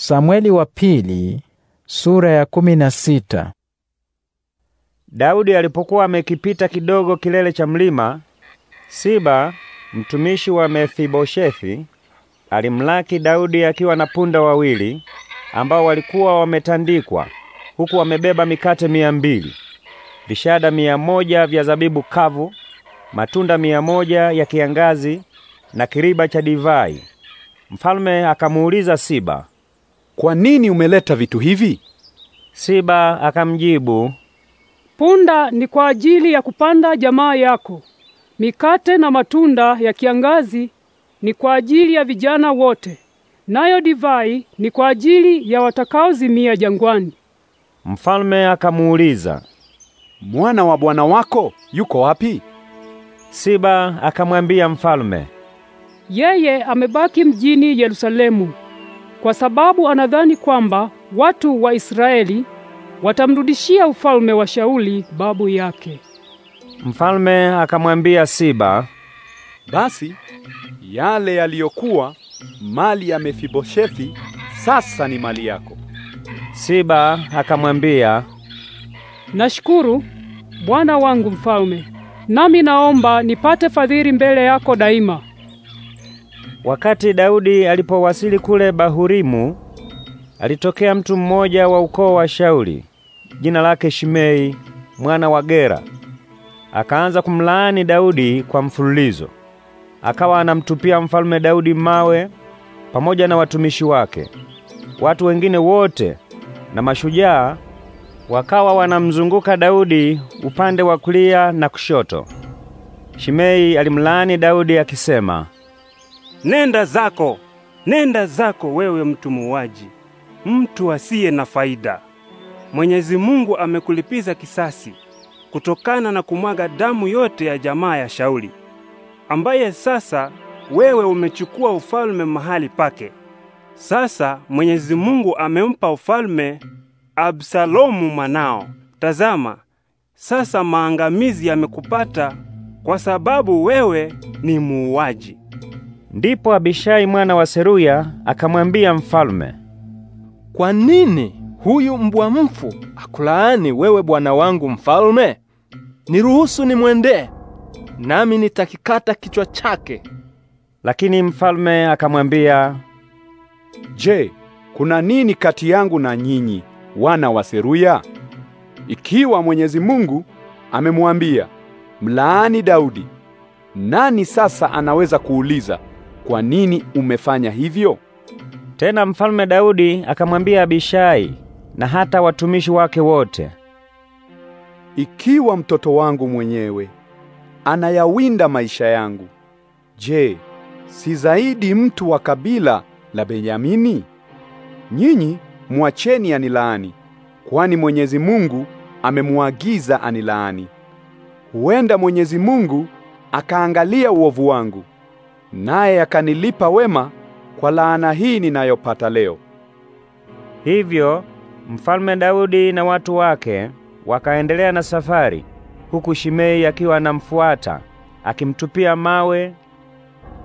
Samweli wa pili sura ya kumi na sita. Daudi alipokuwa amekipita kidogo kilele cha mlima, Siba mtumishi wa Mefiboshethi alimlaki Daudi akiwa na punda wawili ambao walikuwa wametandikwa, huku wamebeba mikate mia mbili, vishada mia moja vya zabibu kavu, matunda mia moja ya kiangazi na kiriba cha divai. Mfalme akamuuliza Siba kwa nini umeleta vitu hivi? Siba akamjibu, punda ni kwa ajili ya kupanda jamaa yako, mikate na matunda ya kiangazi ni kwa ajili ya vijana wote, nayo divai ni kwa ajili ya watakaozimia jangwani. Mfalme akamuuliza, mwana wa bwana wako yuko wapi? Siba akamwambia mfalme, yeye amebaki mjini Yerusalemu kwa sababu anadhani kwamba watu wa Israeli watamrudishia ufalme wa Shauli babu yake. Mfalme akamwambia Siba, basi yale yaliyokuwa mali ya Mefiboshethi sasa ni mali yako. Siba akamwambia, nashukuru bwana wangu mfalme, nami naomba nipate fadhili mbele yako daima. Wakati Daudi alipowasili kule Bahurimu, alitokea mtu mmoja wa ukoo wa Shauli, jina lake Shimei mwana wa Gera. Akaanza kumlaani Daudi kwa mfululizo, akawa anamtupia mfalme Daudi mawe pamoja na watumishi wake. Watu wengine wote na mashujaa wakawa wanamzunguka Daudi upande wa kulia na kushoto. Shimei alimlaani Daudi akisema, Nenda zako, nenda zako wewe mtu muuaji, mtu asiye na faida. Mwenyezi Mungu amekulipiza kisasi kutokana na kumwaga damu yote ya jamaa ya Shauli, ambaye sasa wewe umechukua ufalme mahali pake. Sasa Mwenyezi Mungu amempa ufalme Absalomu mwanao. Tazama, sasa maangamizi yamekupata kwa sababu wewe ni muuaji. Ndipo Abishai mwana wa Seruya akamwambia mfalme, kwa nini huyu mbwa mfu akulaani wewe bwana wangu mfalme? Niruhusu nimwendee, nami nitakikata kichwa chake. Lakini mfalme akamwambia, Je, kuna nini kati yangu na nyinyi wana wa Seruya? Ikiwa Mwenyezi Mungu amemwambia mlaani Daudi, nani sasa anaweza kuuliza kwa nini umefanya hivyo? Tena mfalme Daudi akamwambia Abishai na hata watumishi wake wote, ikiwa mtoto wangu mwenyewe anayawinda maisha yangu, je, si zaidi mtu wa kabila la Benyamini? Nyinyi muacheni anilaani, kwani Mwenyezi Mungu amemwagiza anilaani. Huenda Mwenyezi Mungu akaangalia uovu wangu naye akanilipa wema kwa laana hii ninayopata leo. Hivyo Mfalme Daudi na watu wake wakaendelea na safari, huku Shimei akiwa anamfuata akimtupia mawe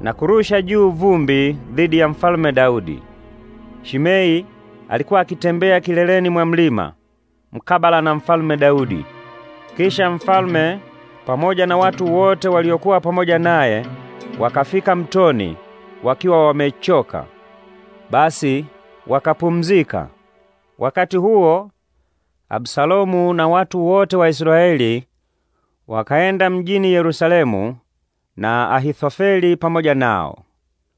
na kurusha juu vumbi dhidi ya Mfalme Daudi. Shimei alikuwa akitembea kileleni mwa mlima mkabala na Mfalme Daudi. Kisha mfalme pamoja na watu wote waliokuwa pamoja naye Wakafika mtoni wakiwa wamechoka, basi wakapumzika. Wakati huo Absalomu na watu wote wa Israeli wakaenda mjini Yerusalemu na Ahithofeli pamoja nao.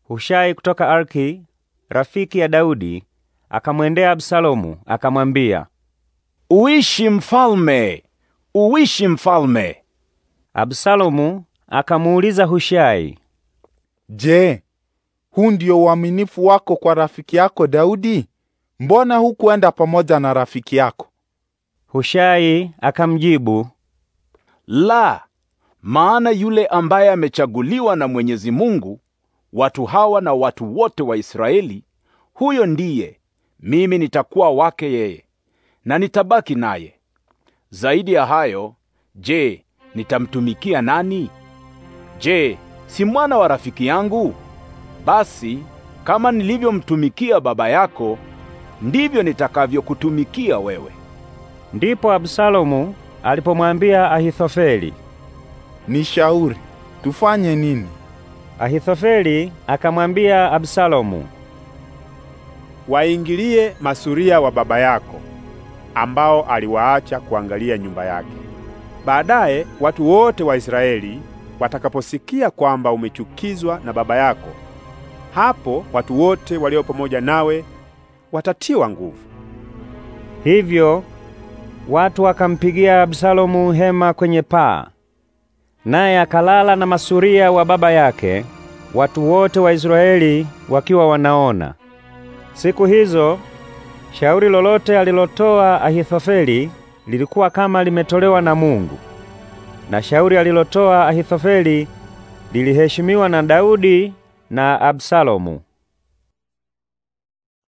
Hushai kutoka Arki, rafiki ya Daudi, akamwendea Absalomu akamwambia, uishi mfalme, uishi mfalme. Absalomu akamuuliza Hushai, Je, huu ndio uaminifu wako kwa rafiki yako Daudi? Mbona hukuenda pamoja na rafiki yako? Hushai akamjibu, la, maana yule ambaye amechaguliwa na Mwenyezi Mungu, watu hawa na watu wote wa Israeli, huyo ndiye mimi nitakuwa wake yeye na nitabaki naye. Zaidi ya hayo, je, nitamtumikia nani? Je, si mwana wa rafiki yangu? Basi kama nilivyomtumikia baba yako, ndivyo nitakavyokutumikia wewe. Ndipo Absalomu alipomwambia Ahithofeli, nishauri tufanye nini? Ahithofeli akamwambia Absalomu, waingilie masuria wa baba yako ambao aliwaacha kuangalia nyumba yake. Baadaye watu wote wa Israeli watakaposikia kwamba umechukizwa na baba yako, hapo watu wote walio pamoja nawe watatiwa nguvu. Hivyo watu wakampigia Absalomu hema kwenye paa, naye akalala na masuria wa baba yake, watu wote wa Israeli wakiwa wanaona. Siku hizo shauri lolote alilotoa Ahithofeli lilikuwa kama limetolewa na Mungu na shauri alilotoa Ahithofeli liliheshimiwa na Daudi na Absalomu.